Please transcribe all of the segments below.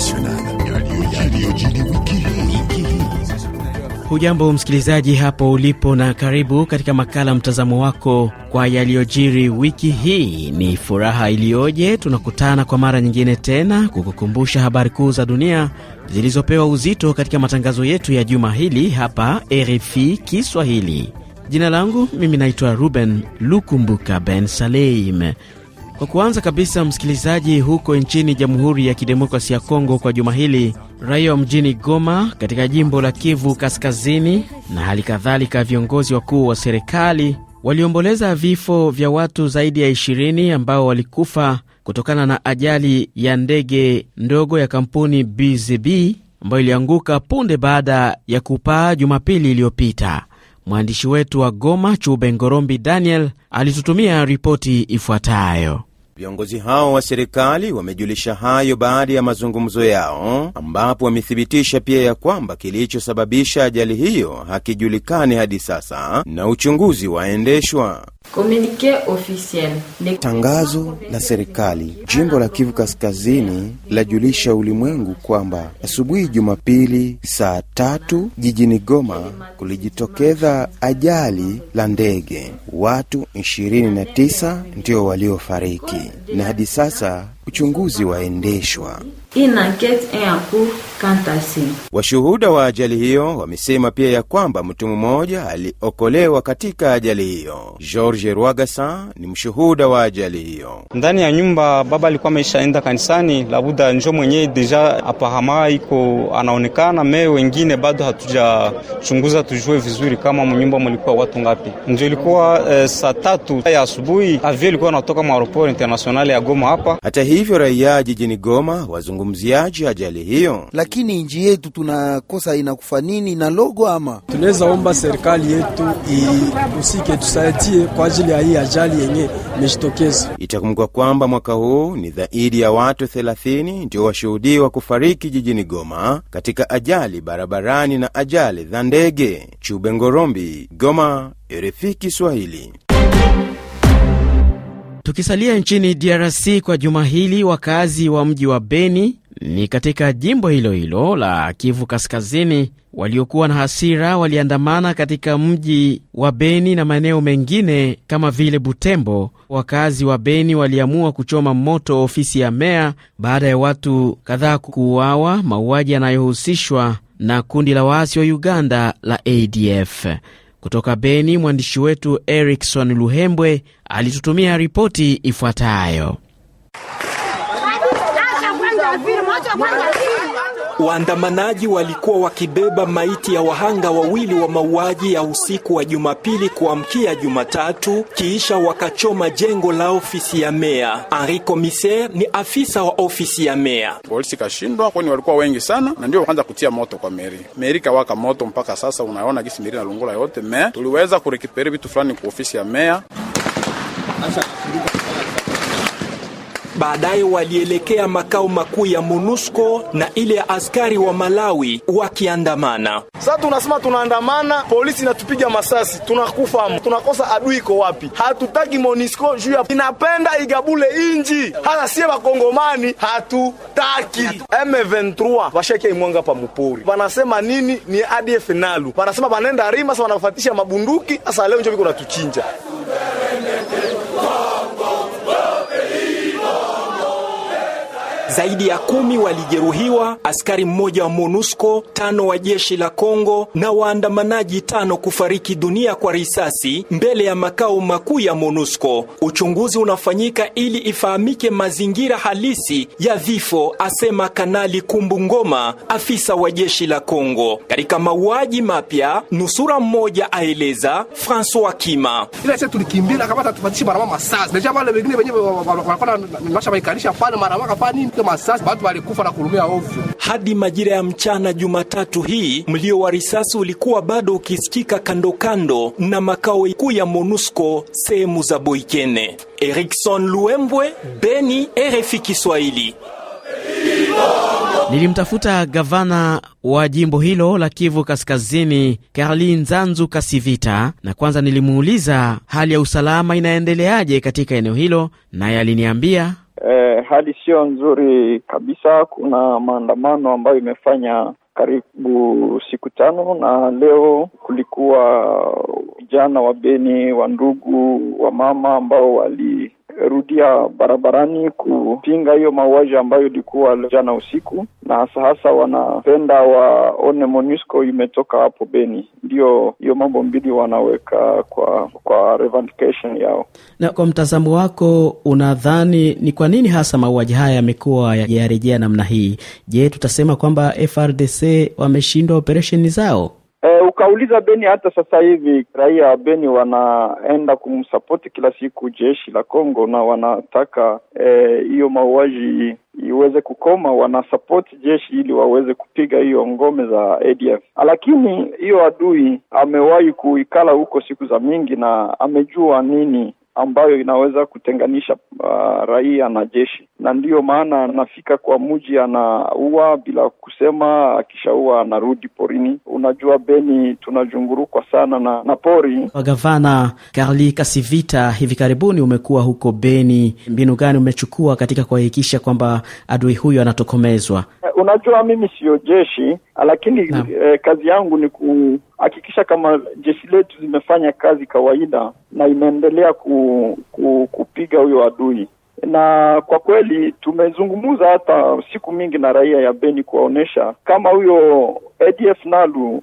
international. Hujambo msikilizaji hapo ulipo, na karibu katika makala mtazamo wako kwa yaliyojiri wiki hii. Ni furaha iliyoje tunakutana kwa mara nyingine tena kukukumbusha habari kuu za dunia zilizopewa uzito katika matangazo yetu ya juma hili hapa RFI Kiswahili. Jina langu mimi naitwa Ruben Lukumbuka Ben Saleim. Kwa kuanza kabisa, msikilizaji, huko nchini Jamhuri ya Kidemokrasia ya Kongo kwa juma hili, raia wa mjini Goma katika jimbo la Kivu Kaskazini na hali kadhalika viongozi wakuu wa serikali waliomboleza vifo vya watu zaidi ya 20 ambao walikufa kutokana na ajali ya ndege ndogo ya kampuni BZB ambayo ilianguka punde baada ya kupaa Jumapili iliyopita. Mwandishi wetu wa Goma, Chube Ngorombi Daniel, alitutumia ripoti ifuatayo. Viongozi hao wa serikali wamejulisha hayo baada ya mazungumzo yao, ambapo wamethibitisha pia ya kwamba kilichosababisha ajali hiyo hakijulikani hadi sasa na uchunguzi waendeshwa. Tangazo la serikali jimbo la Kivu Kaskazini lajulisha ulimwengu kwamba asubuhi Jumapili saa tatu jijini Goma kulijitokeza ajali la ndege, watu 29 ndio waliofariki na hadi sasa uchunguzi waendeshwa. Washuhuda wa ajali hiyo wamesema pia ya kwamba mtu mmoja aliokolewa katika ajali hiyo. George Rwagasa ni mshuhuda wa ajali hiyo. Ndani ya nyumba baba alikuwa ameshaenda kanisani, labuda njo mwenyewe deja apahama iko anaonekana me wengine bado hatujachunguza tujue vizuri kama mnyumba mulikuwa watu ngapi. Ndio ilikuwa eh, saa tatu ya asubuhi avio ilikuwa anatoka mwaroport internationale ya Goma hapa. Hata hivyo raia jijini Goma wazungu mnazungumziaje ajali hiyo? Lakini nji yetu tunakosa inakufa nini na logo ama? Tunaweza omba serikali yetu ihusike, tusaidie kwa ajili ya hii ajali yenye imejitokeza. Itakumbuka kwamba mwaka huu ni zaidi ya watu 30 ndio washuhudiwa kufariki jijini Goma katika ajali barabarani na ajali za ndege. Chube Ngorombi, Goma, RFI Kiswahili. Tukisalia nchini DRC kwa juma hili, wakazi wa mji wa Beni ni katika jimbo hilo hilo la Kivu Kaskazini waliokuwa na hasira waliandamana katika mji wa Beni na maeneo mengine kama vile Butembo. Wakazi wa Beni waliamua kuchoma moto ofisi ya meya baada ya watu kadhaa kuuawa, mauaji yanayohusishwa na kundi la waasi wa Uganda la ADF. Kutoka Beni, mwandishi wetu Erikson Luhembwe alitutumia ripoti ifuatayo. Waandamanaji walikuwa wakibeba maiti ya wahanga wawili wa mauaji ya usiku wa Jumapili kuamkia Jumatatu, kisha wakachoma jengo la ofisi ya meya. Henri Commissaire ni afisa wa ofisi ya meya. Polisi kashindwa, kwani walikuwa wengi sana, na ndio wakaanza kutia moto kwa meri. Meri kawaka moto mpaka sasa, unaona gisi meri na lungula yote me, tuliweza kurekiperi vitu fulani kwa ofisi ya meya Asha. Baadaye walielekea makao makuu ya MONUSCO na ile ya askari wa Malawi wakiandamana. Sasa tunasema tunaandamana, polisi inatupiga masasi, tunakufa, tunakosa adui iko wapi? Hatutaki MONUSCO juu ya inapenda igabule inji, hata sie wakongomani hatutaki. M23 washeke imwanga pa mupori, wanasema nini? Ni ADF nalu, wanasema wanaenda rima, sasa wanafuatisha mabunduki. Sasa leo njo viko natuchinja zaidi ya kumi walijeruhiwa, askari mmoja wa MONUSCO, tano wa jeshi la Kongo na waandamanaji tano kufariki dunia kwa risasi mbele ya makao makuu ya MONUSCO. Uchunguzi unafanyika ili ifahamike mazingira halisi ya vifo, asema Kanali Kumbu Ngoma, afisa wa jeshi la Kongo. Katika mauaji mapya, nusura mmoja aeleza Francois Kima wapate masasi, watu walikufa na kulumia ovyo. Hadi majira ya mchana Jumatatu hii mlio wa risasi ulikuwa bado ukisikika kando kando na makao kuu ya MONUSCO sehemu za Boikene. Erikson Luembwe, Beni, RFI Kiswahili. Nilimtafuta gavana wa jimbo hilo la Kivu Kaskazini, karli nzanzu Kasivita, na kwanza nilimuuliza hali ya usalama inaendeleaje katika eneo hilo, naye aliniambia hali siyo nzuri kabisa. Kuna maandamano ambayo imefanya karibu siku tano, na leo kulikuwa vijana wa Beni, wa ndugu, wa mama ambao wali rudia barabarani kupinga hiyo mauaji ambayo ilikuwa jana usiku, na hasa hasa wanapenda waone MONUSCO imetoka hapo Beni. ndio hiyo mambo mbili wanaweka kwa kwa revendication yao. Na kwa mtazamo wako, unadhani ni kwa nini hasa mauaji haya yamekuwa yarejea namna hii? Je, tutasema kwamba FRDC wameshindwa operesheni zao? Ukauliza Beni, hata sasa hivi raia wa Beni wanaenda kumsapoti kila siku jeshi la Kongo na wanataka eh, hiyo eh, mauaji iweze kukoma. Wanasapoti jeshi ili waweze kupiga hiyo ngome za ADF, lakini hiyo adui amewahi kuikala huko siku za mingi na amejua nini ambayo inaweza kutenganisha uh, raia na jeshi, na ndiyo maana anafika kwa mji anaua bila kusema, akishaua anarudi porini. Unajua Beni tunajungurukwa sana na, na pori. Gavana Karli Kasivita, hivi karibuni umekuwa huko Beni, mbinu gani umechukua katika kuhakikisha kwamba adui huyo anatokomezwa? Eh, unajua mimi siyo jeshi lakini eh, kazi yangu ni kuhakikisha kama jeshi letu zimefanya kazi kawaida na imeendelea ku, ku, kupiga huyo adui na kwa kweli tumezungumza hata siku mingi na raia ya Beni kuwaonyesha kama huyo ADF Nalu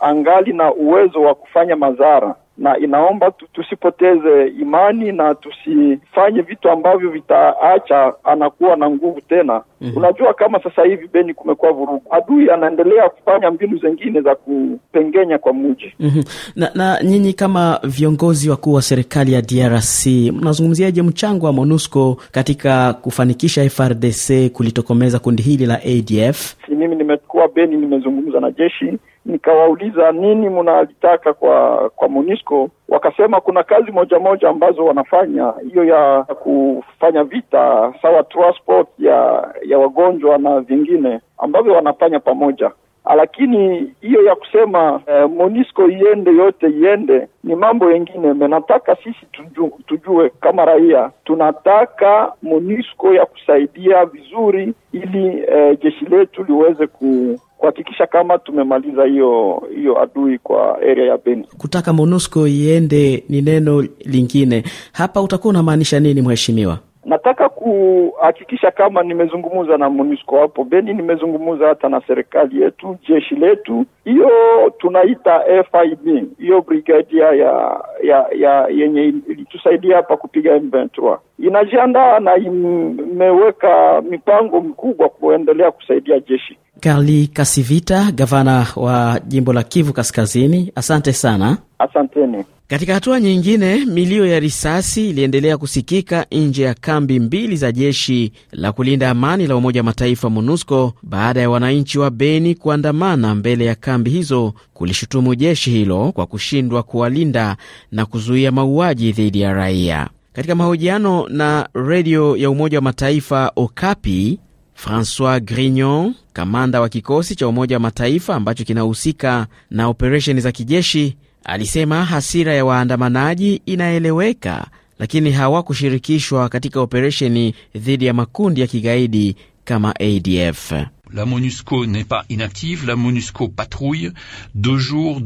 angali na uwezo wa kufanya madhara na inaomba tusipoteze imani na tusifanye vitu ambavyo vitaacha anakuwa na nguvu tena. mm -hmm. Unajua, kama sasa hivi Beni kumekuwa vurugu, adui anaendelea kufanya mbinu zengine za kupengenya kwa mji. mm -hmm. Na, na nyinyi kama viongozi wakuu wa serikali ya DRC mnazungumziaje mchango wa MONUSCO katika kufanikisha FRDC kulitokomeza kundi hili la ADF? Si mimi nimekuwa Beni, nimezungumza na jeshi nikawauliza nini mnalitaka kwa kwa MONUSCO, wakasema kuna kazi moja moja ambazo wanafanya, hiyo ya kufanya vita sawa transport ya ya wagonjwa na vingine ambavyo wanafanya pamoja lakini hiyo ya kusema eh, MONUSCO iende yote iende ni mambo yengine. Menataka sisi tujue, tujue kama raia tunataka MONUSCO ya kusaidia vizuri ili eh, jeshi letu liweze ku, kuhakikisha kama tumemaliza hiyo hiyo adui kwa area ya Beni. Kutaka MONUSCO iende ni neno lingine hapa, utakuwa unamaanisha nini mheshimiwa? Nataka kuhakikisha kama nimezungumza na MONUSCO hapo Beni, nimezungumza hata na serikali yetu, jeshi letu, hiyo tunaita FIB, hiyo brigadia ya, ya, ya yenye ilitusaidia hapa kupiga M23 inajiandaa na imeweka mipango mikubwa kuendelea kusaidia jeshi. Karli Kasivita, gavana wa jimbo la Kivu Kaskazini, asante sana. Asanteni. Katika hatua nyingine, milio ya risasi iliendelea kusikika nje ya kambi mbili za jeshi la kulinda amani la Umoja wa Mataifa MONUSCO baada ya wananchi wa Beni kuandamana mbele ya kambi hizo kulishutumu jeshi hilo kwa kushindwa kuwalinda na kuzuia mauaji dhidi ya raia. Katika mahojiano na redio ya Umoja wa Mataifa Okapi, Francois Grignon, kamanda wa kikosi cha Umoja wa Mataifa ambacho kinahusika na operesheni za kijeshi Alisema hasira ya waandamanaji inaeleweka, lakini hawakushirikishwa katika operesheni dhidi ya makundi ya kigaidi kama ADF. La MONUSCO n'est pas inactive, la MONUSCO patrouille uh,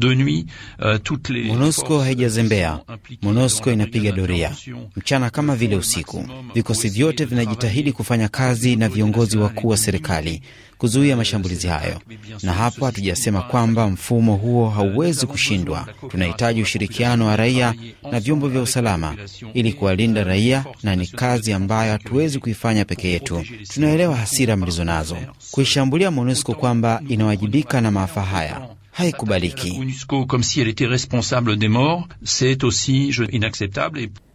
toutes les MONUSCO haijazembea. MONUSCO inapiga doria mchana kama vile usiku. Vikosi vyote vinajitahidi kufanya kazi na viongozi wakuu wa serikali kuzuia mashambulizi hayo, na hapo hatujasema kwamba mfumo huo hauwezi kushindwa. Tunahitaji ushirikiano wa raia na vyombo vya usalama ili kuwalinda raia, na ni kazi ambayo hatuwezi kuifanya peke yetu. Tunaelewa hasira mlizo nazo. Kuishambulia MONUSCO kwamba inawajibika na maafa haya haikubaliki.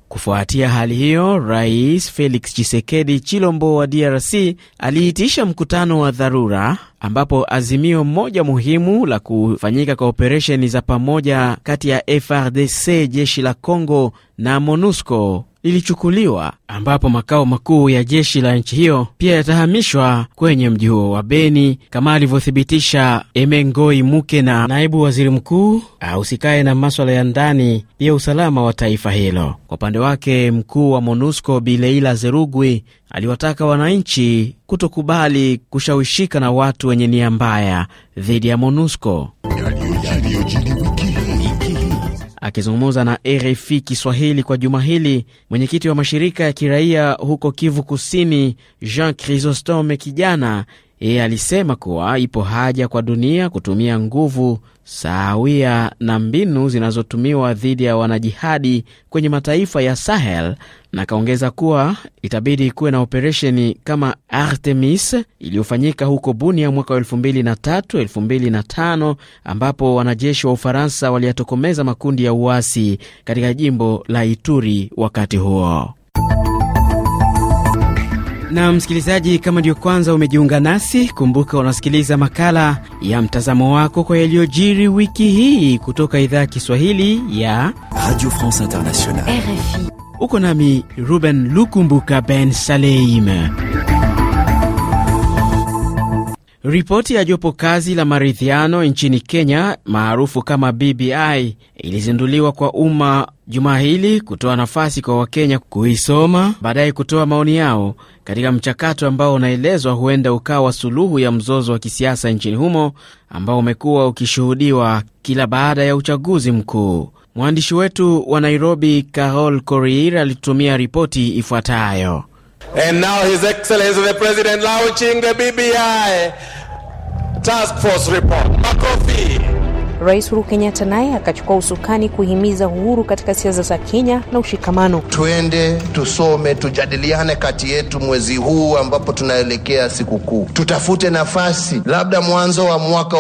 Kufuatia hali hiyo, Rais Felix chisekedi Chilombo wa DRC aliitisha mkutano wa dharura ambapo azimio moja muhimu la kufanyika kwa operesheni za pamoja kati ya FRDC, jeshi la Congo na MONUSCO lilichukuliwa ambapo makao makuu ya jeshi la nchi hiyo pia yatahamishwa kwenye mji huo wa Beni, kama alivyothibitisha Emengoi Muke na naibu waziri mkuu ahusikaye na maswala ya ndani pia usalama wa taifa hilo. Kwa upande wake, mkuu wa MONUSCO Bileila Zerugwi aliwataka wananchi kutokubali kushawishika na watu wenye nia mbaya dhidi ya MONUSCO. Akizungumza na RFI Kiswahili kwa juma hili, mwenyekiti wa mashirika ya kiraia huko Kivu Kusini, Jean Chrysostome Kijana, yeye alisema kuwa ipo haja kwa dunia kutumia nguvu sawia na mbinu zinazotumiwa dhidi ya wanajihadi kwenye mataifa ya Sahel, na akaongeza kuwa itabidi kuwe na operesheni kama Artemis iliyofanyika huko Bunia mwaka wa 2325 ambapo wanajeshi wa Ufaransa waliyatokomeza makundi ya uasi katika jimbo la Ituri wakati huo. Na msikilizaji, kama ndiyo kwanza umejiunga nasi, kumbuka unasikiliza makala ya mtazamo wako kwa yaliyojiri wiki hii kutoka idhaa ya Kiswahili ya Radio France Internationale, Uko nami Ruben Lukumbuka Ben Saleim. Ripoti ya jopo kazi la maridhiano nchini Kenya maarufu kama BBI ilizinduliwa kwa umma juma hili kutoa nafasi kwa Wakenya kuisoma, baadaye kutoa maoni yao katika mchakato ambao unaelezwa huenda ukawa suluhu ya mzozo wa kisiasa nchini humo ambao umekuwa ukishuhudiwa kila baada ya uchaguzi mkuu. Mwandishi wetu wa Nairobi, Carol Korir, alitumia ripoti ifuatayo. And now His Excellency the President launching the BBI Task Force report. Makofi. Rais Uhuru Kenyatta naye akachukua usukani kuhimiza uhuru katika siasa za Kenya na ushikamano. Tuende tusome, tujadiliane kati yetu mwezi huu ambapo tunaelekea sikukuu, tutafute nafasi, labda mwanzo wa mwaka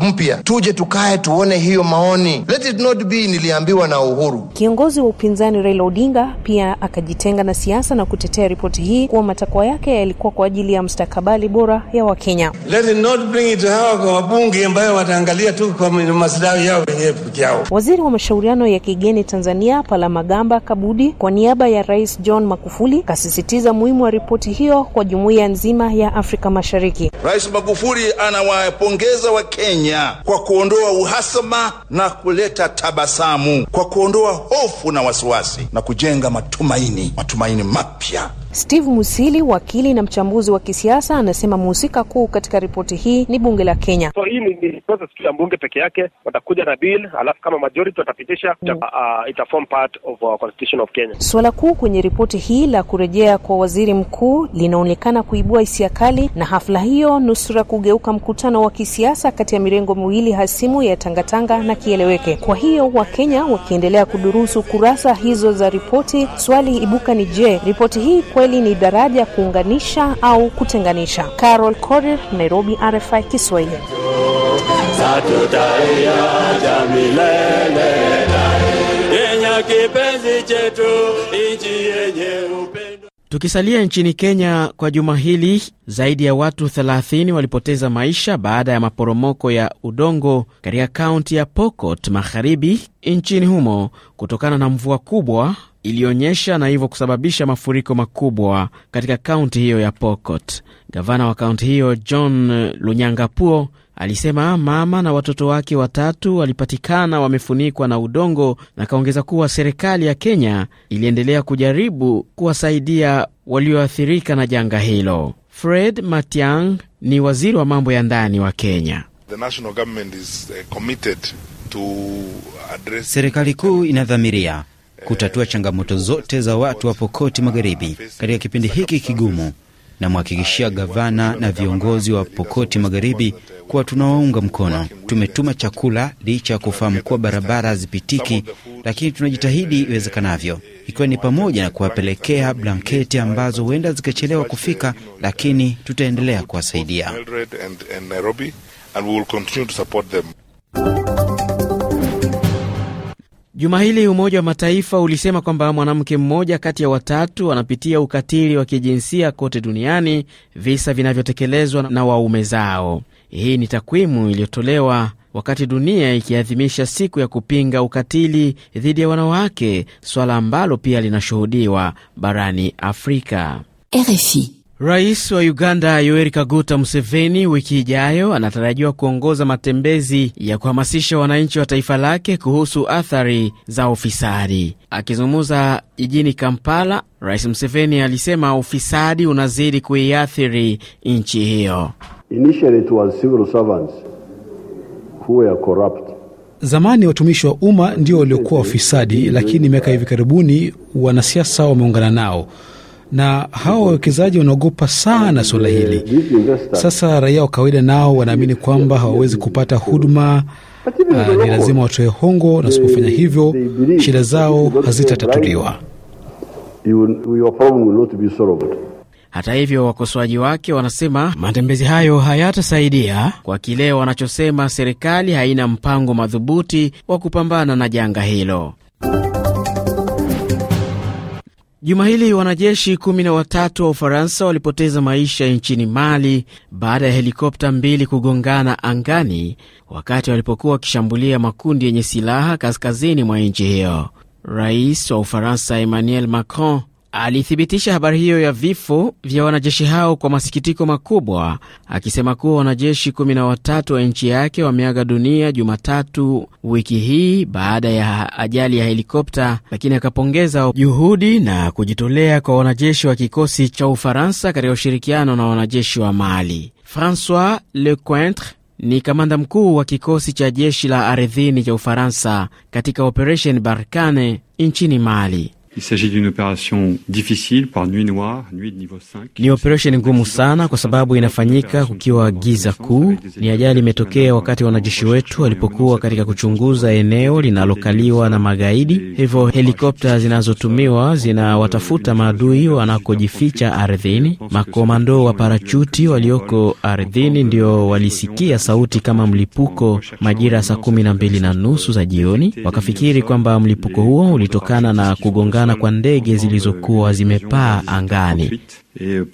mpya tuje tukae tuone hiyo maoni. Let it not be, niliambiwa na Uhuru. Kiongozi wa upinzani Raila Odinga pia akajitenga na siasa na kutetea ripoti hii kuwa matakwa yake yalikuwa kwa ajili ya mstakabali bora ya Wakenya. Let it not bring it to hawa kwa wabunge ambayo wataangalia tu kwa maslahi yao wenyewe peke yao. Waziri wa mashauriano ya kigeni Tanzania Palamagamba Kabudi kwa niaba ya Rais John Magufuli kasisitiza muhimu wa ripoti hiyo kwa jumuiya nzima ya Afrika Mashariki. Rais Magufuli anawapongeza Wakenya kwa kuondoa uhasama na kuleta tabasamu, kwa kuondoa hofu na wasiwasi na kujenga matumaini, matumaini mapya Steve Musili, wakili na mchambuzi wa kisiasa, anasema mhusika kuu katika ripoti hii ni bunge la Kenya. So hii ni process tu ya bunge peke yake, watakuja na bill, alafu kama majority watapitisha mm, uh, ita form part of our constitution of Kenya. Swala kuu kwenye ripoti hii la kurejea kwa waziri mkuu linaonekana kuibua hisia kali, na hafla hiyo nusura kugeuka mkutano wa kisiasa kati ya mirengo miwili hasimu ya tangatanga na kieleweke. Kwa hiyo Wakenya wakiendelea kudurusu kurasa hizo za ripoti, swali ibuka ni je, ripoti hii kwa kweli ni daraja kuunganisha au kutenganisha. Carol Korir, Nairobi, RFI Kiswahili. Tukisalia nchini Kenya kwa juma hili, zaidi ya watu 30 walipoteza maisha baada ya maporomoko ya udongo katika kaunti ya Pokot Magharibi nchini humo kutokana na mvua kubwa ilionyesha na hivyo kusababisha mafuriko makubwa katika kaunti hiyo ya Pokot. Gavana wa kaunti hiyo John Lunyangapuo alisema mama na watoto wake watatu walipatikana wamefunikwa na udongo, na kaongeza kuwa serikali ya Kenya iliendelea kujaribu kuwasaidia walioathirika na janga hilo. Fred Matiang ni waziri wa mambo ya ndani wa Kenya. Uh, serikali kuu inadhamiria kutatua changamoto zote za watu wa Pokoti Magharibi katika kipindi hiki kigumu. Namhakikishia gavana na viongozi wa Pokoti Magharibi kuwa tunawaunga mkono. Tumetuma chakula licha ya kufahamu kuwa barabara hazipitiki, lakini tunajitahidi iwezekanavyo, ikiwa ni pamoja na kuwapelekea blanketi ambazo huenda zikachelewa kufika, lakini tutaendelea kuwasaidia. Juma hili Umoja wa Mataifa ulisema kwamba mwanamke mmoja kati ya watatu anapitia ukatili wa kijinsia kote duniani, visa vinavyotekelezwa na waume zao. Hii ni takwimu iliyotolewa wakati dunia ikiadhimisha siku ya kupinga ukatili dhidi ya wanawake, swala ambalo pia linashuhudiwa barani Afrika. RFI. Rais wa Uganda Yoweri Kaguta Museveni wiki ijayo anatarajiwa kuongoza matembezi ya kuhamasisha wananchi wa taifa lake kuhusu athari za ufisadi. Akizungumza jijini Kampala, Rais Museveni alisema ufisadi unazidi kuiathiri nchi hiyo. Zamani watumishi wa umma ndio waliokuwa wafisadi, lakini miaka hivi karibuni wanasiasa wameungana nao na hawa wawekezaji wanaogopa sana suala hili. Sasa raia wa kawaida nao wanaamini kwamba hawawezi kupata huduma. Uh, ni lazima watoe hongo, na wasipofanya hivyo shida zao hazitatatuliwa. Hata hivyo, wakosoaji wake wanasema matembezi hayo hayatasaidia kwa kile wanachosema serikali haina mpango madhubuti wa kupambana na janga hilo. Juma hili wanajeshi kumi na watatu wa Ufaransa walipoteza maisha nchini Mali baada ya helikopta mbili kugongana angani wakati walipokuwa wakishambulia makundi yenye silaha kaskazini mwa nchi hiyo. Rais wa Ufaransa Emmanuel Macron alithibitisha habari hiyo ya vifo vya wanajeshi hao kwa masikitiko makubwa, akisema kuwa wanajeshi 1 wa nchi yake wameaga dunia Jumatatu wiki hii baada ya ajali ya helikopta, lakini akapongeza juhudi na kujitolea kwa wanajeshi wa kikosi cha Ufaransa katika ushirikiano na wanajeshi wa Mali. Francois Lecointre ni kamanda mkuu wa kikosi cha jeshi la ardhini cha Ufaransa katika operesheni Barkane nchini Mali. Il s'agit d'une opération difficile par nuit noire, nuit de niveau 5. Ni operesheni ngumu sana kwa sababu inafanyika kukiwa giza kuu. Ni ajali imetokea wakati wanajeshi wetu walipokuwa katika kuchunguza eneo linalokaliwa na magaidi, hivyo helikopta zinazotumiwa zinawatafuta maadui wanakojificha ardhini. Makomando wa parachuti walioko ardhini ndio walisikia sauti kama mlipuko majira saa kumi na mbili na nusu za jioni, wakafikiri kwamba mlipuko huo ulitokana na kugonga kutokana kwa ndege zilizokuwa zimepaa angani. Euh,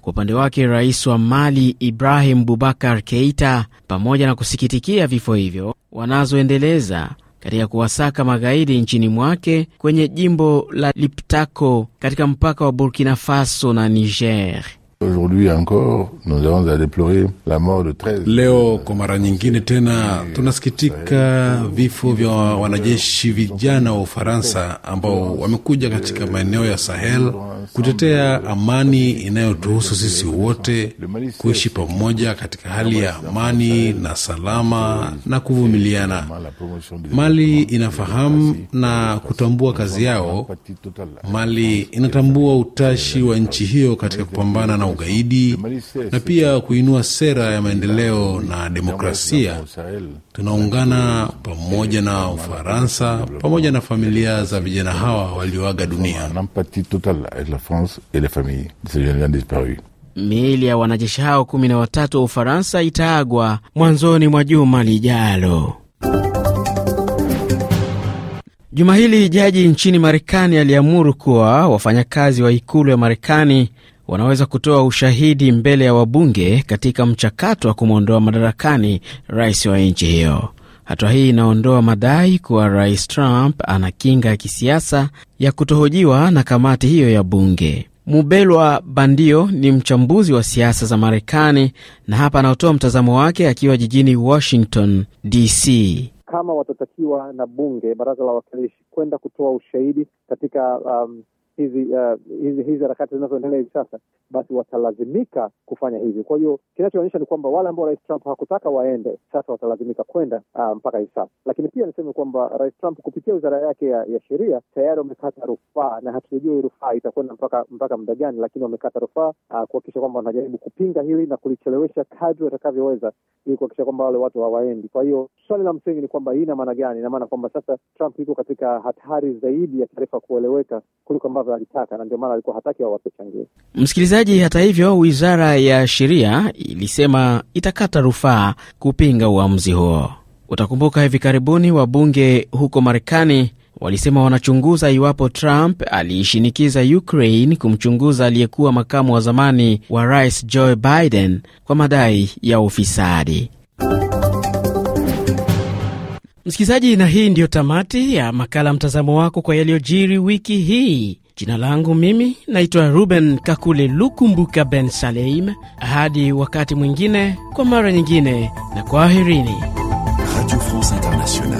kwa upande wake, rais wa Mali Ibrahim bubakar Keita, pamoja na kusikitikia vifo hivyo, wanazoendeleza katika kuwasaka magaidi nchini mwake kwenye jimbo la Liptako katika mpaka wa Burkina Faso na Niger. Leo kwa mara nyingine tena tunasikitika eh, vifo vya eh, wanajeshi vijana wa Ufaransa ambao eh, wamekuja katika maeneo ya Sahel kutetea amani inayotuhusu sisi wote kuishi pamoja katika hali ya amani na salama na kuvumiliana. Mali inafahamu na kutambua kazi yao. Mali inatambua utashi wa nchi hiyo katika kupambana na ugaidi na pia kuinua sera ya maendeleo na demokrasia. Tunaungana pamoja na Ufaransa pamoja na familia za vijana hawa walioaga dunia. Miili ya wanajeshi hao kumi na watatu wa Ufaransa itaagwa mwanzoni mwa juma lijalo. Juma hili jaji nchini Marekani aliamuru kuwa wafanyakazi wa ikulu ya Marekani wanaweza kutoa ushahidi mbele ya wabunge katika mchakato wa kumwondoa madarakani rais wa nchi hiyo. Hatua hii inaondoa madai kuwa rais Trump ana kinga ya kisiasa ya kutohojiwa na kamati hiyo ya bunge. Mubelwa Bandio ni mchambuzi wa siasa za Marekani na hapa anaotoa mtazamo wake akiwa jijini Washington DC. Kama watatakiwa na bunge, baraza la wakilishi kwenda kutoa ushahidi katika um, hizi uh, hizi hizi harakati zinazoendelea hivi sasa, basi watalazimika kufanya hivyo. Kwa hiyo kinachoonyesha ni kwamba wale ambao Rais Trump hakutaka waende sasa watalazimika kwenda uh, mpaka hivi sasa. Lakini pia niseme kwamba Rais Trump kupitia wizara yake ya, ya sheria tayari wamekata rufaa, na hatujui rufaa itakwenda mpaka mpaka muda gani, lakini wamekata rufaa uh, kuhakikisha kwamba wanajaribu kupinga hili na kulichelewesha kadri watakavyoweza ili kuhakikisha kwamba wale watu hawaendi. Kwa hiyo swali la msingi ni kwamba hii ina maana gani? Ina maana kwamba sasa Trump yuko katika hatari zaidi ya taarifa kueleweka kuliko ambavyo ambavyo alitaka, na ndio maana alikuwa hataki wawape changuo. Msikilizaji, hata hivyo, wizara ya sheria ilisema itakata rufaa kupinga uamuzi huo. Utakumbuka hivi karibuni wabunge huko Marekani walisema wanachunguza iwapo Trump aliishinikiza Ukraine kumchunguza aliyekuwa makamu wa zamani wa rais Joe Biden kwa madai ya ufisadi. Msikilizaji, na hii ndiyo tamati ya makala mtazamo wako kwa yaliyojiri wiki hii. Jina langu mimi naitwa Ruben Kakule Lukumbuka Ben Saleim. Hadi wakati mwingine, kwa mara nyingine, na kwaherini. Radio France Internationale.